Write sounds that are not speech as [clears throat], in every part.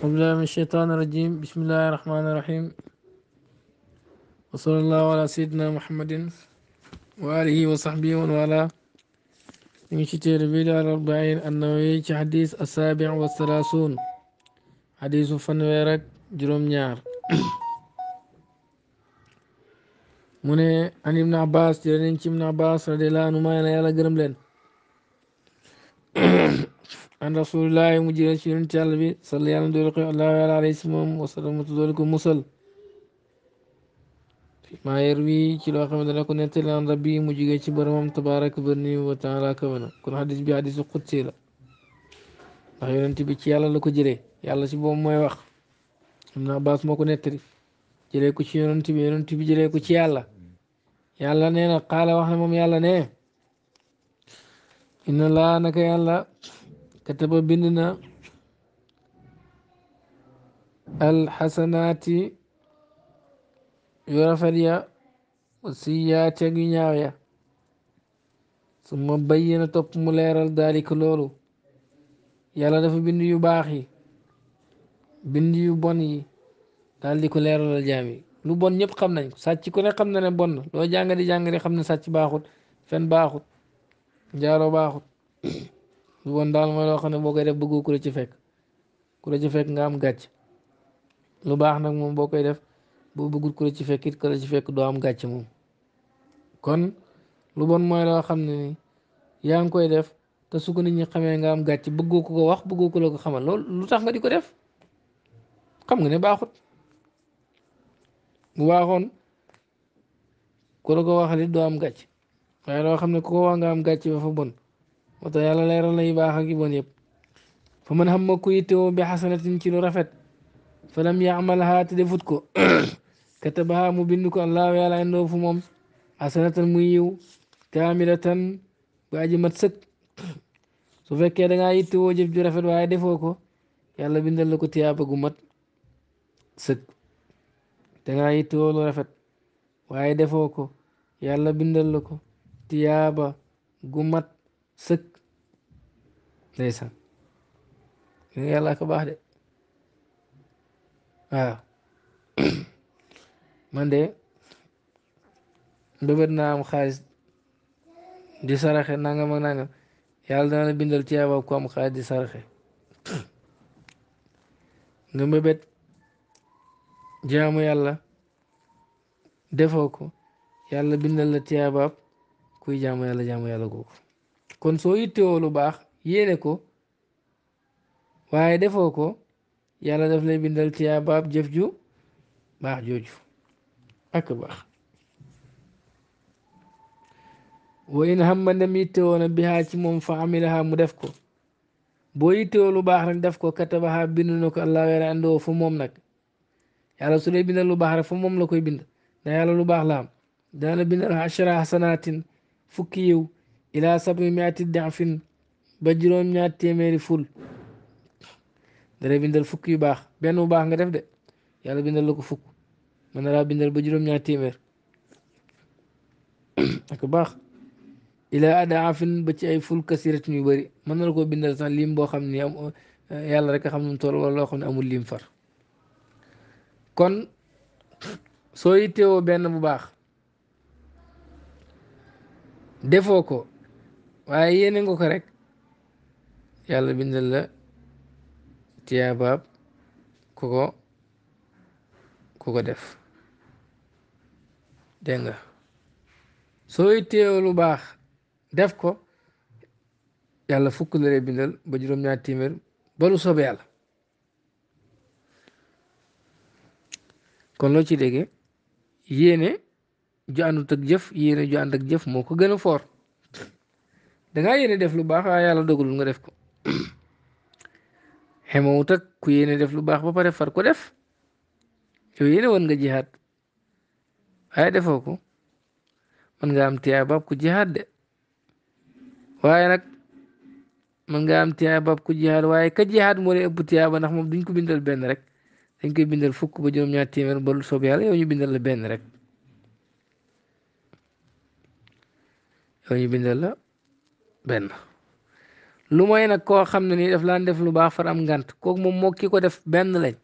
أعوذ بالله من الشيطان الرجيم بسم الله الرحمن الرحيم وصلى الله على سيدنا محمد وآله وصحبه والاه من شتير بلا الأربعين النووي حديث السابع والثلاثون حديث فنويرك جروم نيار [coughs] من عن ابن عباس جرنين ابن عباس رضي الله عنهما يلا يلا جرم لين [coughs] an rasulillahi mu jëlee ci yonent yàlla bi sall yàlla doolu ko allahu yàlla alayhi si moom wasalamatu doolu ko musal maa yer wi ci loo xam ne ko nettali an rabbi mu jugee ci boromam tabaraka barni wa taala kawana kon xadis bi xadisu xudsi la ndax yonent bi ci yàlla la ko jëlee yàlla si boobu mooy wax am na Abbas moo ko nettali jëlee ko ci yonent bi yonent bi jëlee ko ci yàlla yàlla nee na wax na moom yàlla ne inna laa naka yàlla كتب بننا الحسنات يرفر يا وسيات يا suma bayyana topp mu leeral daalik loolu yàlla dafa bind yu baax yi bind yu bon yi daal di ko leeralal jaam yi lu bon ñëpp xam nañ ko sàcc ku ne xam na ne bon na loo jàngadi jàngadi xam ne sàcc baaxut fen baaxut njaaro baaxut lu bon daal mooy loo xam ne boo koy def bëggu ku la ci fekk ku la ci fekk nga am gàcc lu baax nag moom boo koy def boo bëggul ku ci fekk it ci fekk doo am gàcc moom kon lu bon mooy loo xam ne ni yaa ngi koy def te su ko nit ñi xamee nga am gàcc bëggoo ko ko wax bëggoo ko la ko xamal loolu lu tax nga di ko def xam nga ne baaxut mu waaxoon ku la ko waxal it doo am gàcc waaye loo xam ne ku ko wax nga am gàcc ba fa bon moo tax yàlla leeral na yu baax ak yu bon yëpp fa man xam ma kuy teewoo bi xasanatin ci lu rafet fa lam yaamalha te defut ko katabaha mu bind ko allahu yàlla indoo fu moom xasanatan muy yiw kaamilatan bu aji mat sëkk su fekkee da ngaa yittewoo jëf ju rafet waaye defoo ko yàlla bindal la ko tiyaaba gu mat sëkk da ngaa yittewoo lu rafet waaye defoo ko yàlla bindal la ko tiyaaba gu mat sëkk ndeysaan ki nga yàlla ko baax de waaw man de mbébét naa am xaalis di saraxe nangam ak nangam yàlla dana la bindal ci yàlla ko am xaalis di saraxe nga mbëbet jaamu yàlla defoo ko yàlla bindal la tiyaabaab kuy jaamu yàlla jaamu yàlla googu kon soo yittewoo lu baax yéene ko waaye defoo ko yàlla def lay bindal tiyaabaab jëf ju baax jooju ak baax wa in hamma ndem yittewoo na bihaa ci moom fa amilaha mu def ko boo yittewoo lu baax rek def ko katabaha bindu na ko allah weera andoo fu moom nag yàlla su dee bindal lu baax rek fu moom la koy bind ndax yàlla lu baax la am daana bindal ashara xasanaatin fukki yiw ilaa sab'i mi'ati da'fin ba juróom ñaar téeméeri ful dara bindal fukk yu baax benn bu baax nga def de yàlla bindal la ko fukk mën na laa bindal ba juróom ñaar téeméer ak baax ilaa adaafin ba ci ay ful kasiratin yu bëri mën na la koo bindal sax lim boo xam ni am yàlla rek a xam nu mu toll wala loo xam ne amul lim far kon soo yitteewoo benn bu baax defoo ko waaye yéene nga rek yàlla bindal la tiyaabaab ku ko ku ko def dégg nga sooy teew lu baax def ko yàlla fukk la lay bindal ba juróom-ñaar téeméer ba lu yàlla kon loo ci déggee yéene ju àndut ak jëf yéene ju ànd ak jëf moo ko gën a foor danga yéene def lu baax waaye yàlla dogalul nga def ko [clears throat] xemawut ak ku yéene def lu baax ba pare far ko def yow yéene woon nga jihaad waaye defoo ko mën nga am tiyaay baab ku jihaad de waaye nag mën nga am tiyaay baab ku jihaad waaye ka jihaad moo lay ëpp tiyaay ba ndax moom duñ ko bindal benn rek dañ koy bindal fukk ba juróom ñaar téeméer ba lu soob yow ñu bindal la benn rek yow ñu bindal la benn lu moy nag koo xam ne nii daf laan def lu baax far am ngant kooku moom moo ko def benn lañ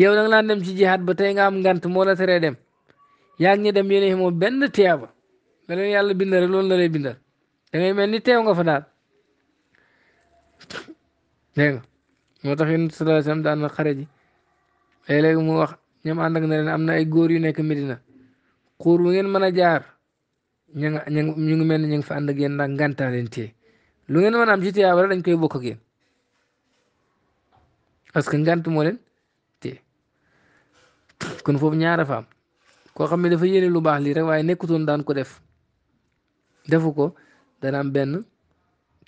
yow da nga laan dem ci jihaat ba tey nga am ngant moo la teree dem yaa ngi ñu dem yéen moom benn tiyaaba nga yàlla bindal rek la lay bindal mel ni teew fa daal dégg nga moo tax yéen sallallahu alayhi wasallam daan na xare ji léeg mu wax ñoom ànd ak na leen am na ay góor yu nekk Medina xuur bu ngeen mën jaar. ñu ngi ñu ngi mel ni ñu ngi fa ànd ak yéen ndax ngàntaa leen téye lu ngeen mën a am ci tiyaaba dañ koy bokk ak yéen parce que ngant moo leen téye kon foofu ñaara fa am koo xam ne dafa yéene lu baax lii rek waaye nekkutoon daan ko def defu ko dana am benn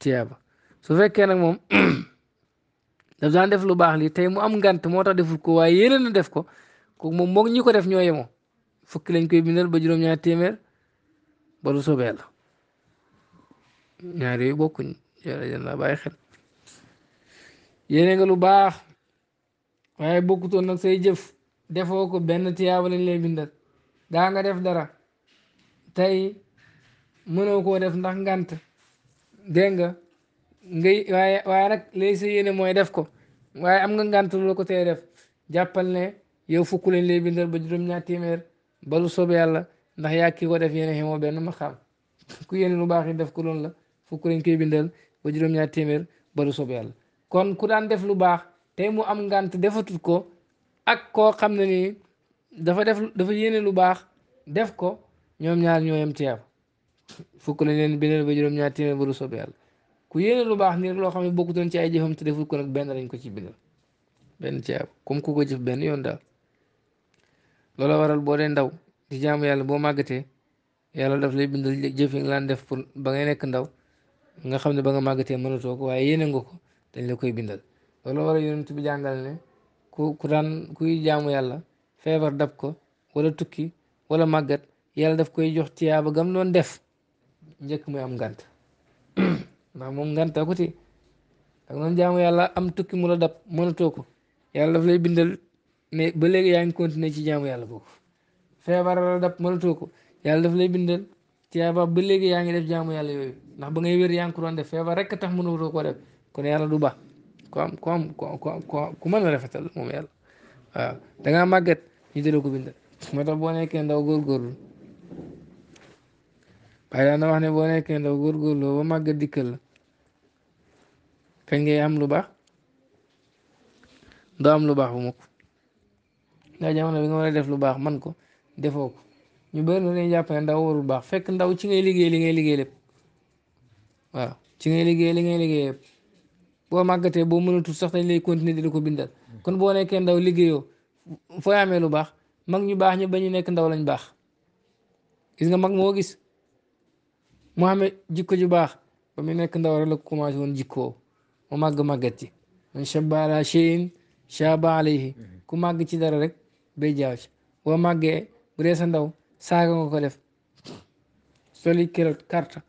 tiyaaba su fekkee nag moom [clears throat] daf daan def lu baax lii tey mu am ngant moo tax deful ko waaye yéene na def ko kooku moom moog ñi ko def ñoo yemoo fukki lañ koy bindal ba juróom-ñaar téeméer. ba lu soobee ñaar yooyu bokkuñ yàlla jël naa bàyyi xel yéene lu baax waaye bokkutoon nag say jëf defoo ko benn tiyaaba lañ lay bindal daa nga def dara tey mënoo koo def ndax ngant dégg nga ngay waaye waaye nag léegi sa yéene mooy def ko waaye am nga ngant loo ko tey def jàppal ne yow fukk lañ lay bindal ba juróom-ñaar téeméer ba lu soobee ndax yaa kii ko def yéene xemoo benn maqaam [laughs] ku yéene lu baax yi def ko loolu la fukk lañ koy bindal ba juróom-ñaar téeméer ba du soob kon ku daan def lu baax tey mu am ngànt defatut ko ak koo xam ne nii dafa def dafa yéene lu baax def ko ñoom ñaar ñoo yem ci [laughs] fukk lañ leen bindal ba juróom-ñaar téeméer ba ku yéene lu baax nii rek loo xam ne bokkutoon ci ay jëfam te defut ko nag benn lañ ko ci bindal benn ci comme ku ko jëf benn yoon daal loola waral boo dee ndaw. ci jaamu yàlla boo màggatee yàlla daf lay bindal jëf yi nga daan def pour ba ngay nekk ndaw nga xam ne ba nga màggatee mënatoo ko waaye yéene nga ko dañ la koy bindal loolu war a yonent bi jàngal ne ku daan kuy jaamu yàlla feebar dab ko wala tukki wala màggat yàlla daf koy jox tiyaaba gam doon def njëkk muy am ngant [clears throat] ndax moom ngant akuti ak noonu jaamu yàlla am tukki mu la dab mënatoo ko lay bindal mais yaa ngi continuer ci jaamu yàlla boobu feebar la dab mënatoo ko yàlla daf lay bindal tiyaaba ba léegi yaa ngi def jaamu yàlla yooyu ndax ba ngay wér yaa ngi ko doon def feebar rek tax mënatoo koo def kon yàlla du baax ku am ku am ku mën a rafetal moom yàlla waaw da ngaa màgget ñu ko bindal moo tax boo nekkee ndaw góorgóorlu waaye daan na wax ne boo nekkee ndaw góorgóorlu ba dikkal la am lu baax doo am lu baax bu mukk ndax jamono bi nga war a def lu baax man ko. defoo ko ñu bëri na dañuy jàpp ne ndaw warul baax fekk ndaw ci ngay liggéey li ngay liggéey waaw ci ngay liggéey li ngay liggéey boo màggatee boo mënatul sax dañ lay continuer di ko bindal kon boo nekkee ndaw liggéeyoo fooy amee lu baax mag ñu baax ñu ba ñu nekk ndaw lañu baax gis nga mag moo gis mu amee jikko ju baax ba mu nekk ndaw la commencé woon jikkoo mu màgg màggat ci man shabba ala mm-hmm. ku màgg ci dara rek bay jaaw ci boo màggee bu sa ndaw saaga nga ko def soli keroog carte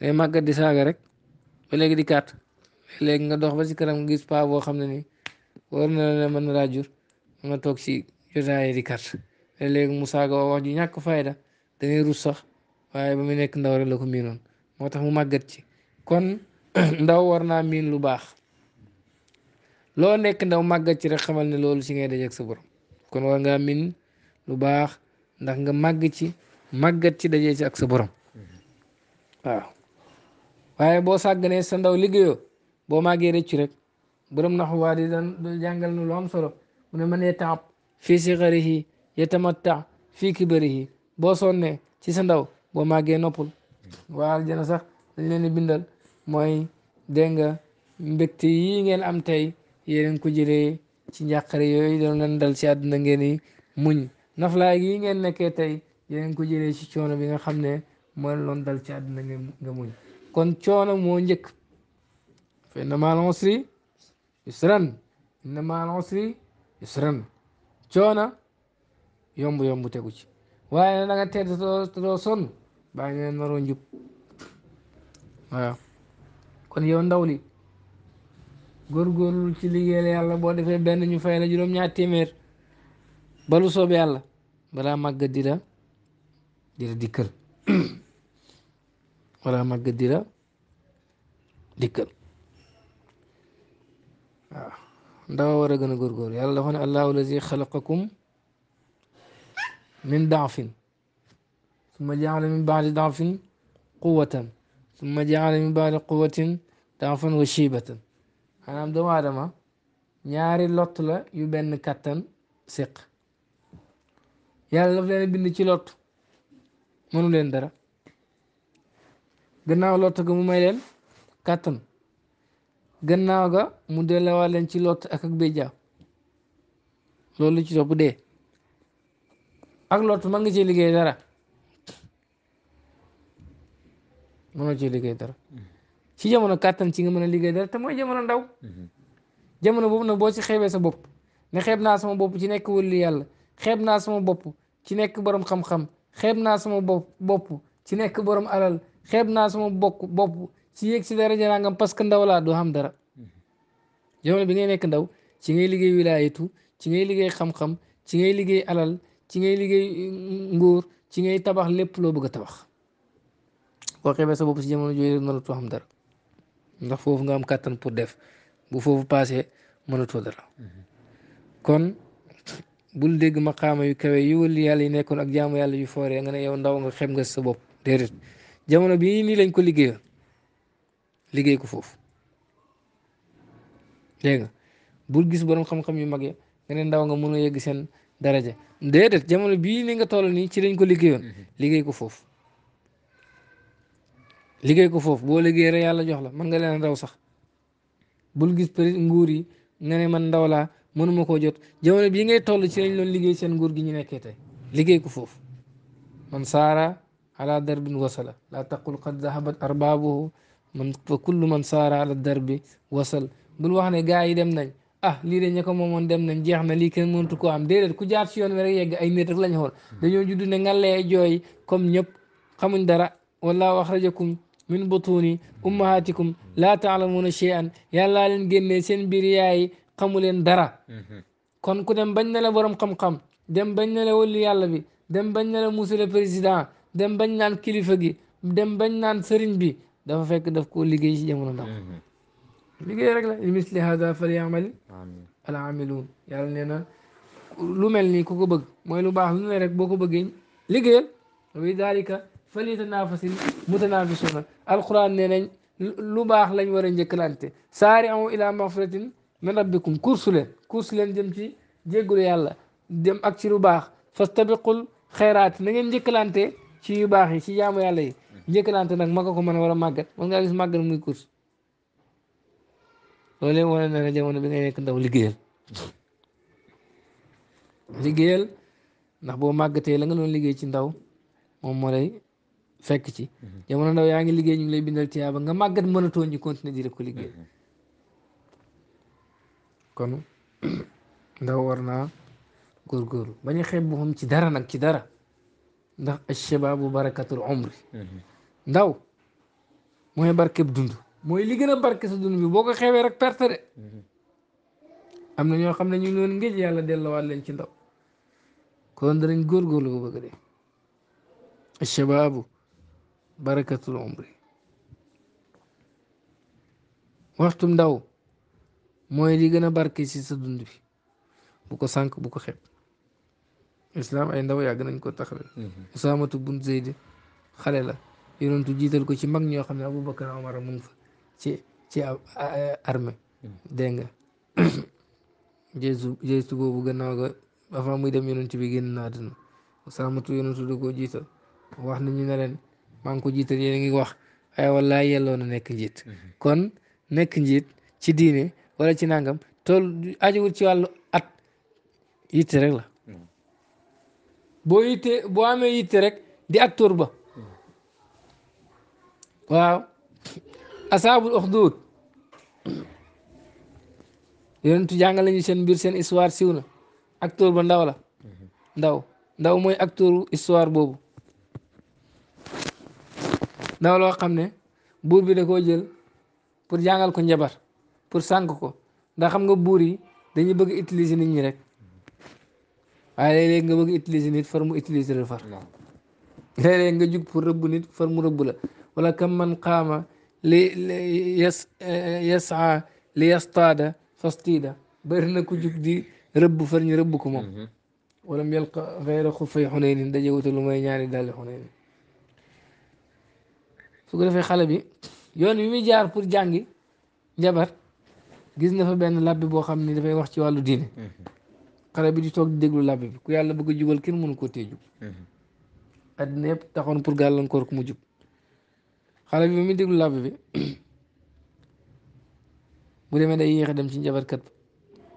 day màggat di saaga rek ba léegi di carte léegi nga dox ba si kanam gis paa xam ne ni war na la mën na laa jur nga toog si jotaay di carte léegi mu saaga wax ji ñàkk fayda dañuy rus waaye ba mu nekk ndaw rek la ko miinoon moo tax mu màggat ci kon [clears throat] ndaw war naa miin lu baax loo nekk ndaw màggat ci rek xamal ne loolu si ngay dajeeg sa borom kon war ngaa miin lu baax ndax nga màgg ci màggat ci dajee ci ak sa borom waaw waaye boo sàgganee sa ndaw liggéeyoo boo màggee rëccu rek borom naxu waa di daan jàngal na lu am solo mu ne mënee taab fii si xarihi yatamatta fii kibarihi boo sonnee ci sa ndaw boo màggee noppul waa aljana sax dañ leen bindal mooy dégg nga mbégte yii ngeen am tey yéen ko jëlee ci njàqare yooyu doon leen dal ci àdduna ngeen muñ laa yi ngeen nekkee tey yéen ko jëlee ci coono bi nga xam ne mooy loon dal ci àdduna nga muñ kon coono moo njëkk fa inna ma'al usri yusran inna ma'al usri yusran coono yomb yomb tegu ci waaye na da nga te doo baa ngeen naroo njub waaw kon yow ndaw li góorgóorlu ci liggéeyal yàlla boo defee benn ñu fay la juróom-ñaar téeméer balu soob yàlla بلا ما قدلا دير ديكر ولا [coughs] ما قدلا ديكر دور غن غرغور يلا هون الله الذي خلقكم من ضعف ثم جعل من بعد ضعف قوة ثم جعل من بعد قوة ضعفا وشيبة أنا دوارة ما نياري لطلة يبن كتن سق yàlla daf leen bind ci lot mënu leen dara gannaaw lot ga mu may leen kàttan gannaaw ga mu dellewaat leen ci lot ak ak béjjaa loolu ci topp dee ak lot ma nga ci liggéey dara mënoo ci liggéey dara ci jamono kàttan ci nga mën a liggéey dara te mooy jamono ndaw mhm. jamono boobu nag boo ci xeebee sa bopp ne xeeb naa sama bopp ci nekk wëlli yàlla xeeb naa sama bopp ci nekk borom xam-xam xeeb naa sama bopp bopp ci nekk borom alal xeeb naa sama bokk bopp ci yéeg si daraja nangam parce que ndaw laa doo xam dara jamono bi ngay nekk ndaw ci ngay liggéey wilaayatu ci ngay liggéey xam-xam ci ngay liggéey alal ci ngay liggéey mm, nguur ci ngay tabax lépp loo bëgg a tabax boo xeebee sa bopp si jamono jooju mënatoo xam dara ndax foofu nga am kattan pour def bu foofu paasee mënatoo dara mm-hmm. bul dégg maqaama yu kawe yu wëli yàlla yi nekkoon ak jaamu yàlla yu fooree nga ne yow ndaw nga xeeb nga sa bopp déedéet jamono bii nii lañ ko liggéeyal ko foofu dégg nga bul gis borom xam yu mag ya nga ndaw nga mën a seen daraja déedéet jamono bii ni nga toll nii ci lañ ko liggéeyoon mm-hmm. liggéey ko foofu liggéey ko foofu boo liggéeyee rek yàlla jox la mën nga leen a ndaw sax bul gis peut nguur yi nga ne man ndaw laa mënuma koo jot jamono bii ngay toll ci lañ doon liggéey seen nguur gi ñu nekkee tey liggéey ko foofu man saara ala darbin wasala la taqul qad dahabat arbabuhu man fa kullu man saara ala darbi wasal bul wax ne gars yi dem nañ ah lii de ña ko moomoon dem nañ jeex na lii kenn mënatu ko am déedéet ku jaar si yoon wi rek yegg ay nit rek lañ xool dañoo judd ne ngalee jooy comme ñëpp xamuñ dara wala wax rajakum min butuni ummahatikum laa taalamuuna cheyan yàllaa leen génnee seen biir yaay xamu leen dara kon ku dem bañ na la borom xam-xam dem bañ na la wëllu yàlla bi dem bañ na la monsieur le président dem bañ naan kilifa gi dem bañ naan sëriñ bi dafa fekk daf ko liggéey ci jamono ndaw liggéey rek la li misli hada fal yamal al amilun yàlla nee na lu mel nii ku ko bëgg mooy lu baax lu ne rek boo ko bëggee liggéeyal wi dalika fal yatanaafasil mutanaafisuuna alquran nee nañ lu baax lañ war a njëkkalante saari amu ila maxfiratin min rabbikum kursu leen kursu leen jëm ci jéggulu yàlla dem ak ci lu baax fastabiqul xayraat na ngeen njëkkalante ci yu baax yi ci jaamu yàlla yi njëkkalante nag mag ko ko mën a war a màggat man ngaa màggat muy course loolu yëpp wane na jamono bi ngay nekk ndaw liggéeyal liggéeyal ndax boo màggatee la nga doon liggéey ci ndaw moom moo lay fekk ci mhm. jamono ndaw yaa ngi liggéey ñu ngi lay bindal tiyaaba nga màggat mënatoo ñu continuer di rek ko liggéey mhm. kon [clears throat] ndaw war naa góorgóorlu bañ a xeeb boppam ci dara nag ci dara ndax ashabaabu barakatul umri mm-hmm. ndaw mooy barkeb dund mooy li gën a barke sa dund bi boo ko xeebee rek perte de mm-hmm. am na ñoo xam ne ñu noon ngéej yàlla delloowaat leen ci ndaw kon danañ góorgóorlu bu bëgg de ashabaabu barakatul umri waxtum ndaw mooy li gën a barke ci sa dund bi bu ko sànq bu ko xeeb islam ay ndaw yàgg nañ ko taxawal mhm. usaamatu bun zeyd xale la yonentu jiital ko ci mag ñoo xam ne aboubacar omar mu ngi fa ci ci armée mhm. dégg nga gestu [coughs] gestu boobu gannaaw ga avant muy dem yonentu bi génn na àdduna usaamatu yonentu da koo jiital wax nañu ne leen maa ngi ko jiital yéen a ngi wax ay wallaay yelloo na nekk njiit mhm. kon nekk njiit ci diine wala ci nangam tool ajiwul ci wàllu at yitte rek la boo yitte boo amee yitte rek di acteur ba waaw asaabul uxduud yonentu jàngal nañu seen mbir seen histoire siw na acteur ba ndaw la ndaw ndaw mooy acteur histoire boobu ndaw loo xam ne buur bi da koo jël pour jàngal ko njabar pour sànq ko ndax xam nga buur yi dañuy bëgg utiliser nit ñi rek waaye léeg-léeg nga bëgg utiliser nit far mu utiliser la far léeg-léeg nga jug pour rëbb nit far mu rëbb la wala kam man qaama li yas eh, yasaa li yastaada fastiida bëri na ku jug di rëbb far ñu rëbb ko moom mm-hmm. wala mu yalqa xayra xuffay xuneynin daje wuta lu may ñaari dalli xuneynin su ko defee xale bi yoon bi jaar pour jàngi njabar gis na fa benn labbi boo xam ni dafay wax ci wàllu diine mm-hmm. xale bi di toog di déglu labbi bi ku yàlla bëgg a jubal kenn mënu koo tee jub addina mm-hmm. yëpp taxoon pour gàllankoor ko mu jub xale bi ba muy déglu labbi bi [coughs] bu demee day yéex dem ci njabarkat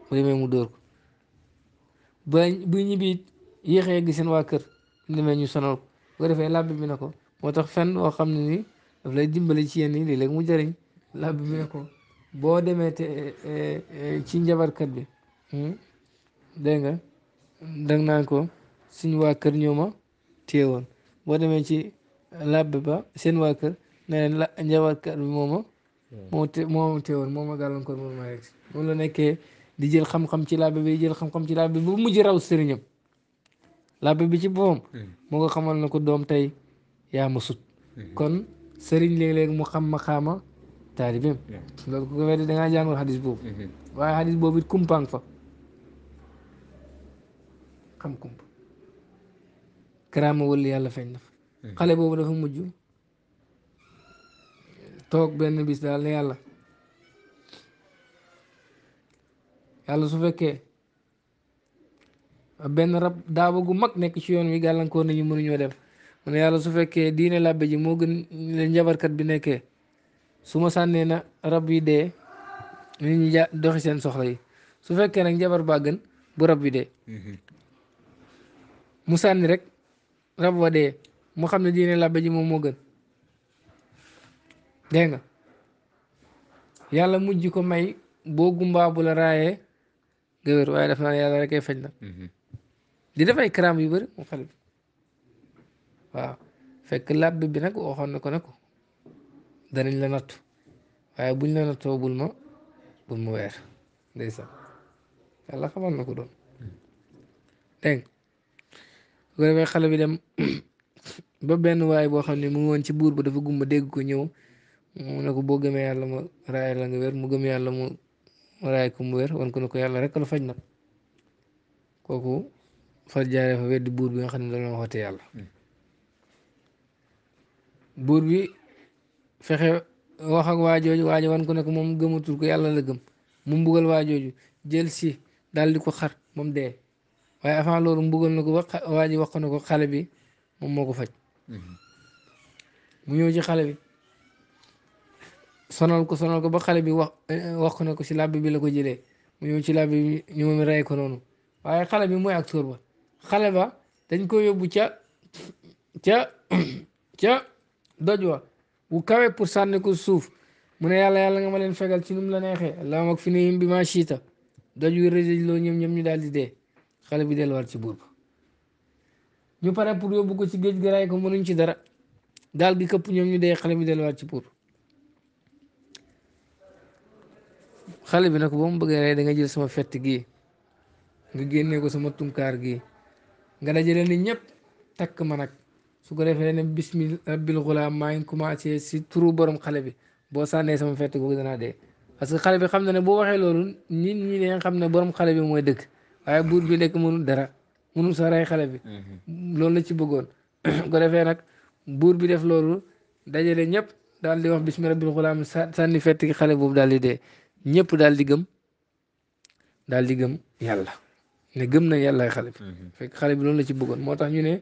bu demee mu dóor ko bu bu ñibbi yéex a seen waa kër bu demee ñu sonal ko defee labbi bi ne ko moo tax fenn woo xam ne ni daf lay dimbali ci yenn yi léeg-léeg mu jariñ labbi bi ne ko boo demee te eh, eh, eh, ci njabarkat bi hmm, dégg nga dang naan ko suñ waa kër ñoo ma téye woon boo demee ci labbe ba seen waa kër ne la njabarkat bi moo ma hmm. moo te moo téye woon moo ma gàllankoor moom la nekkee di jël xam ci labbe bi di jël xam ci labbe bi bu mujj raw sëriñam labbe bi ci boppam moo hmm. ko xamal na ko doom tey yaa ma sut kon sëriñ léeg-léeg mu xam ma xaama taalibeem loolu ku ko weddi da ngaa jàngul xadis boobu mhm. waaye xadis boobu it kumpaang fa xam kumpa karaama wëlli yàlla feeñ na fa mhm. xale boobu dafa mujj toog benn bis daal ne yàlla yàlla su fekkee benn rab daaba gu mag nekk ci yoon wi gàllankoor nañu mënuñoo dem mu ne yàlla su fekkee diine làbbe ji moo gën leen njabarkat bi nekkee su ma sànnee na rab yi dee nit ñi doxi seen soxla yi su fekkee nag njabar baa gën bu rab wi dee mhm. mu sànni rek rab wa dee mu xam ne diine làbbe ji moom moo gën dégg nga yàlla mujj ko may boo gumbaa bu la raayee nga wér waaye daf naa yàlla rek ay faj na mhm. di def ay karaam yu bari mu xel bi waaw fekk làbbe bi nag waxoon na ko ne ko danañ la nattu waaye buñ la nattoo bul ma bul ma weer ndeysaan yàlla xamal na ko doon dégg bu ko defee xale bi dem [clears throat] ba benn waay boo xam ne mu ngi woon ci buur ba dafa gumba dégg ko ñëw mu ne ko boo gëmee yàlla ma raay la nga mu gëm yàlla mu raay ko mu wér wan ko ne yàlla rek la faj nag kooku far jaaree fa weddi buur bi nga xam ne dañoo xoote yàlla hmm. buur bi. fexe wax ak waa jooju waa wan ko ne ko moom gëmatul ko yàlla la gëm mu mbugal waa jooju jël si daal di ko xar moom dee waaye avant loolu mbugal na ko ba waa ji wax ko ko xale bi moom moo ko faj mu ñëw ci xale bi sonal ko sonal ko ba xale bi wax wax ko ko si làbbi bi la ko jëlee mu ñëw ci làbbi bi ñu moom noonu waaye xale bi mooy acteur ba xale ba dañ ko yóbbu ca ca ca doj wa wu kawe pour sànni ko suuf mu ne yàlla yàlla nga ma leen fegal ci nu mu la neexee yim bi maa shi'ta doj wi rëjëj loo ñëm ñëm ñu daal di dee xale bi delluwaat ci buur ba ñu pare pour yóbbu ko ci géej gi ray ko mënuñ ci dara daal gi këpp ñoom ñu dee xale bi delluwaat ci buur xale bi nag boo mu bëggee rey da nga jël sama fett gii nga génnee ko sama tunkaar gii nga dajale ni ñëpp takk ma nag su ko defee ne bismi rabbil gulaam maa ngi commencé si turu borom xale bi boo sànnee sama fett googu danaa dee parce que xale bi xam na ne boo waxee loolu nit ñi ne xam ne borom xale bi mooy dëgg waaye buur bi nekk mënul dara mënul sa rey xale bi loolu la ci bëggoon su ko defee nag buur bi def loolu dajale ñëpp daal di wax bismi rabbil gulaam sànni fett gi xale boobu daal di dee ñëpp daal di gëm daal di gëm yàlla ne gëm na yàlla xale bi fekk xale bi loolu la ci bëggoon moo tax ñu ne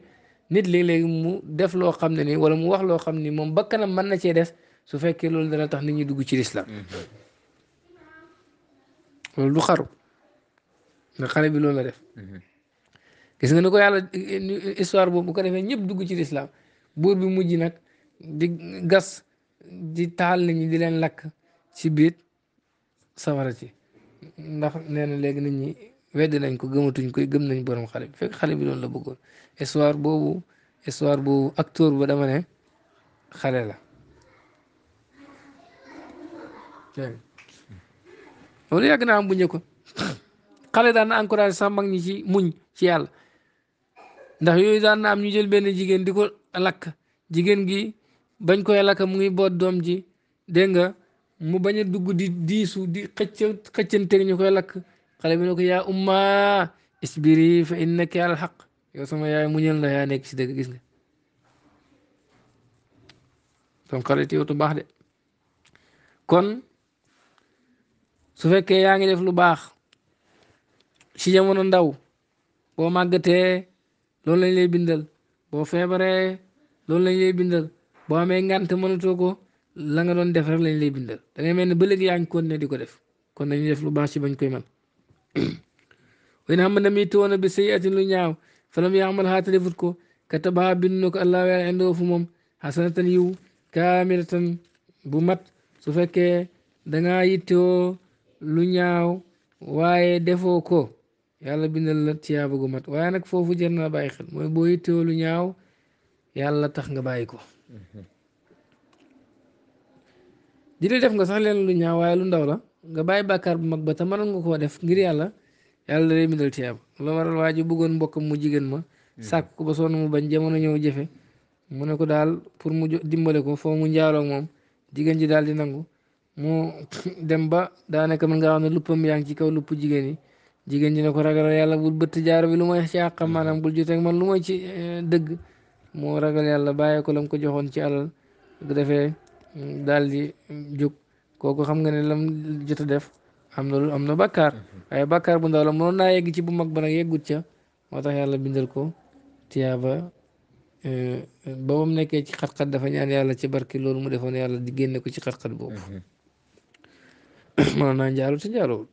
nit léeg-léeg mu def loo xam ne ni wala mu wax loo xam ni moom bakkanam man na cee def su fekkee loolu dana tax nit ñi dugg ci lislaam mm-hmm. loolu du xaru nga xale bi loolu la def mm-hmm. gis nga ni ko yàlla histoire boobu bu ko defee ñëpp dugg ci lislaam buur bi mujj nag di gas di taal nit ñi di leen lakk si biir safara ci ndax nee na nit ñi weddi nañ ko gëmatuñ koy gëm nañ borom xale bi fekk xale bi loolu la bëggoon histoire boobu histoire boobu acteur ba dama ne xale la loolu yàgg na am buñ njëkkoon xale daan na encouragé sama mag ñi ci muñ ci yàlla ndax yooyu daan na am ñu jël benn jigéen di ko lakk jigéen gi bañ koy lakk mu ngi boot doom ji dégg nga mu bañ a dugg di diisu di xëcc xëccanteeg ñu koy lakk xale bi ne ko yaa umma isbiri fa innaki alal xaq yow sama yaay muñal la yaa nekk si dëgg gis nga donc xale te yow baax de kon su fekkee yaa ngi def lu baax si jamono ndaw boo màggatee loolu lañ lay bindal boo feebaree loolu lañ lay bindal boo amee ngant mënatoo ko la nga doon def rek lañ lay bindal da ngay mel ne ba léegi yaa ngi continuer di ko def kon nañu def lu baax ci koy man way na xam ne mi toona bi say atin lu ñaaw falam yaamal xaata defut ko katabaha bind na ko allahu yàlla indoo fu moom xasanatan yiw kaamilatan bu mat su fekkee dangaa yittewoo lu ñaaw waaye defoo ko yàlla bindal la tiyaaba gu mat waaye nag foofu jar naa bàyyi xel mooy boo yittewoo lu ñaaw yàlla tax nga bàyyi ko mm-hmm. di def nga sax leen lu ñaaw waaye lu ndaw la nga bàyyi bàkkaar bu mag ba te mënoon nga koo def ngir yàlla yàlla da lay tiyaab la waral waa ji bëggoon mbokkam mu jigéen ma hmm. sàkk ko ba soon mu bañ jamono ñëw jëfe mu ne ko daal pour mu dimbale ko foo mu njaaloo moom jigéen ji daal di nangu mu [laughs] ba daanaka mën ngaa wax ne luppam yaa ngi ci kaw lupp jigéen yi jigéen ji ne ko ragal yàlla bu bëtt jaaro bi lu may ci àqam hmm. maanaam bul ju joteeg man lu may ci eh, dëgg moo ragal yàlla bàyyi ko lam ko joxoon ci alal bu defee daal di jóg kooko xam nga ne lam jot a def am na lu am na bàkkaar mhm. waaye bàkkaar bu ndaw la mënoon naa yegg ci bu mag ba nag yeggut ca moo tax yàlla bindal ko tiyaaba euh, ba mu nekkee ci xat-xat dafa yàlla ci barki loolu mu defoon yàlla di génne ko ci xat-xat boobu mhm. [coughs] mënoon naa njaaru te njaaruwul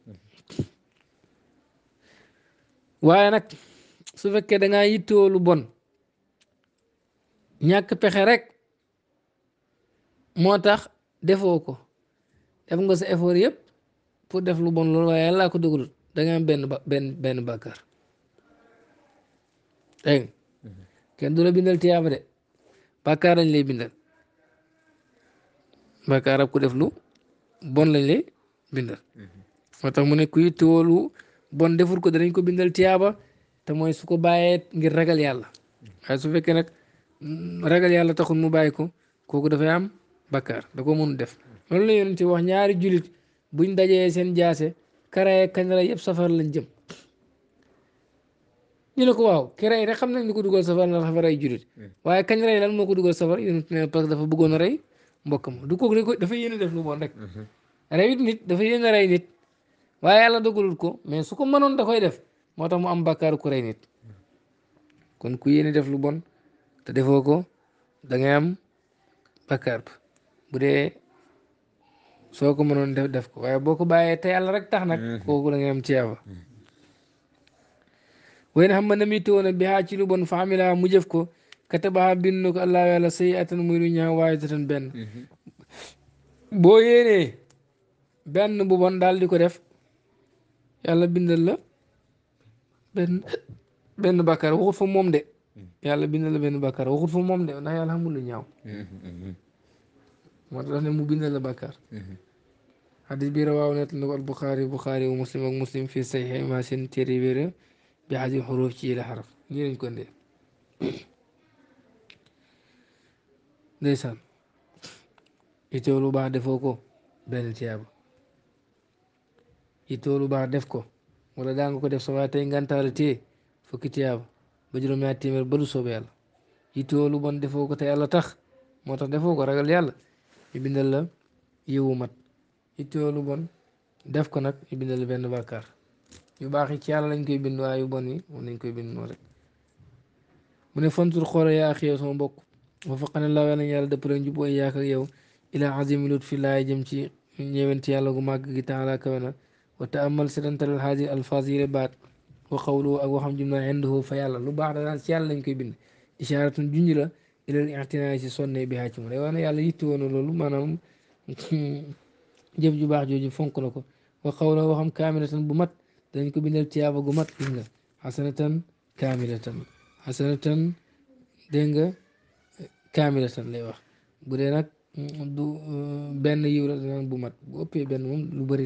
waaye nag su fekkee dangaa yittoo lu bon ñàkk pexe rek moo tax defoo ko def nga sa effort yëpp pour def lu bon loolu waaye yàlla ko dogalul da nga am benn ba benn benn bàkkaar dégg mhm. kenn du bindal tiyaaba de bàkkaar lañ lay bindal bàkkaar ab ku def lu bon lañ lay bindal mhm. mu ne kuy bon deful ko danañ ko bindal tiyaaba te mooy su ko bàyyee ngir ragal yàlla mhm. waaye su fekkee nag ragal yàlla taxul mu bàyyi ko kooku dafay am bàkkaar da ko mun def loolu la yonent wax ñaari julit bu buñ dajee seen jaase karaye kañ la yëpp safar lañ jëm ñu ne ko waaw kiraay rek xam nañ ni ko dugal safar na dafa rey julit hmm. waaye kañ rey lan moo ko dugal safar yonent ne parce dafa bëggoon a rey du ko dafa yéene def lu bon rek hmm. reyut nit dafa yéene rey nit waaye yàlla dogalul ko mais su ko mënoon da koy def moo tax mu am bàkkaar ku rey nit kon ku yéene def lu bon te defoo ko da ngay am bàkkaar bu dee soo ko mënoon def def ko waaye boo ko bàyyee te yàlla rek tax nag mhm. kooku la nga am ceeba wayna xam ma namitoona bihaa ci lu bon fa amila mu jëf ko katabaha bind na ko allah yàlla sëy atan muy lu ñaaw waaye tan benn mhm. boo yéenee benn bu bon daal di ko def yàlla bindal la benn benn bàkkaar waxut fa moom de mhm. yàlla bindal la benn bàkkaar waxut fa moom de lu ñaaw مر رحنا مبين لا بكر حديث بي رواه نت البخاري البخاري ومسلم ومسلم في صحيح ما سن تيري بير بهذه الحروف تي الحرف ني نكون دي ديسان يتولو بعد فوكو بن تياب يتولو بعد دفكو ولا دا نكو ديف سوات اي غانتار تي فوك تياب بجرو ميا تيمر بلو سوبيال يتولو بن دفوكو تي الله تخ موتا دفوكو رجل يالله ñu bindal la yiwu mat yittewoo lu bon def ko nag ñu bindal la benn bàkkaar yu baax yi ci yàlla lañ koy bind waaye yu bon yi moom lañ koy bind noonu mu ne fantur xoole yaa xëy sama mbokk ma faqane la yàlla yàlla dëpp la njub ay yaak ak yow ilaa azimi lut fi laay jëm ci ñëwent yàlla gu màgg gi taala kawe na wa taamal setantalal haadi alfaas yi baat wa xawlu ak waxam jum naa indahu fa yàlla lu baax daal ci yàlla lañ koy bind isharatun junj la ilal i'tinaay si sonne bi ci moom day wax ne yitti woon na loolu maanaam [laughs] jëf ju baax jooju fonk na ko wa xawla kaamila kaamilatan bu mat dañ ko bindal tiyaaba gu mat gis nga xasanatan kaamilatan xasanatan dégg nga kaamilatan lay wax bu dee nag mm, uh, benn yiw la daan bu mat bu ëppee benn moom lu bëri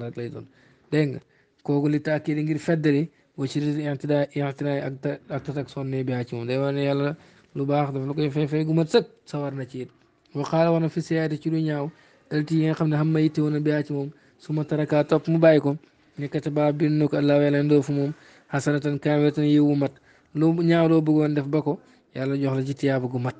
la lay doon dégg nga kooku li tàkkee di ngir feddali wa ci itidaa itidaa ak ak sonne bi ci moom day wax ne yàlla lu baax dafa la koy fay fay gu mat sëkk sawar na ci it waxaala wana fi siyaari ci lu ñaaw ëlti yi nga xam ne xam ma yitte woon a biyaa ci moom su ma taraka topp mu bàyyi ko nekkati ba bind na ko allah yàlla ndoo fu moom xasanatan kaamilatan yiwu mat lu ñaaw loo bëggoon def ba ko yàlla jox la ci tiyaaba gu mat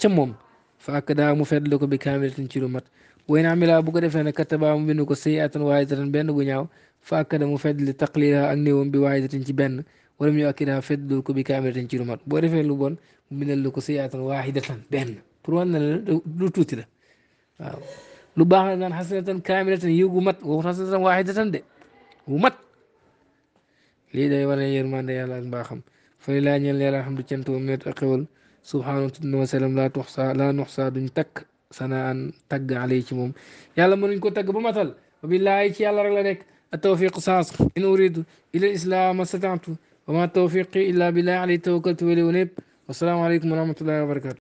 ca moom fa ak daa mu fedd la ko bi kaamilatan ci lu mat way na amila bu ko defee ne kataba mu bind ko sayiatan waahidatan benn bu ñaaw fa ak da mu fedd li taqlila ak néewam bi waahidatan ci benn wala mu yàkkidaa feddloo ko bi kaamiratin ci lu mat boo defee lu bon mu bindal ko sayaatan waahidatan benn pour wan na lu tuuti la waaw lu baax la naan xasanatan kaamilatan yiw gu mat waxut xasanatan waahidatan de wu mat lii day wane yërmande yàlla li laa ñeel yàlla alhamdu cant wa met ak xewal subhaanahu tudna wa salam laa tuxsa laa nuxsa duñ takk sanaan tagg alay ci moom yàlla mënuñ ko tagg ba matal wa billaahi ci yàlla rek la nekk التوفيق ساس إن أريد إلى الإسلام استطعت وما توفيقي إلا بالله عليه توكلت ولي ونب والسلام عليكم ورحمة الله وبركاته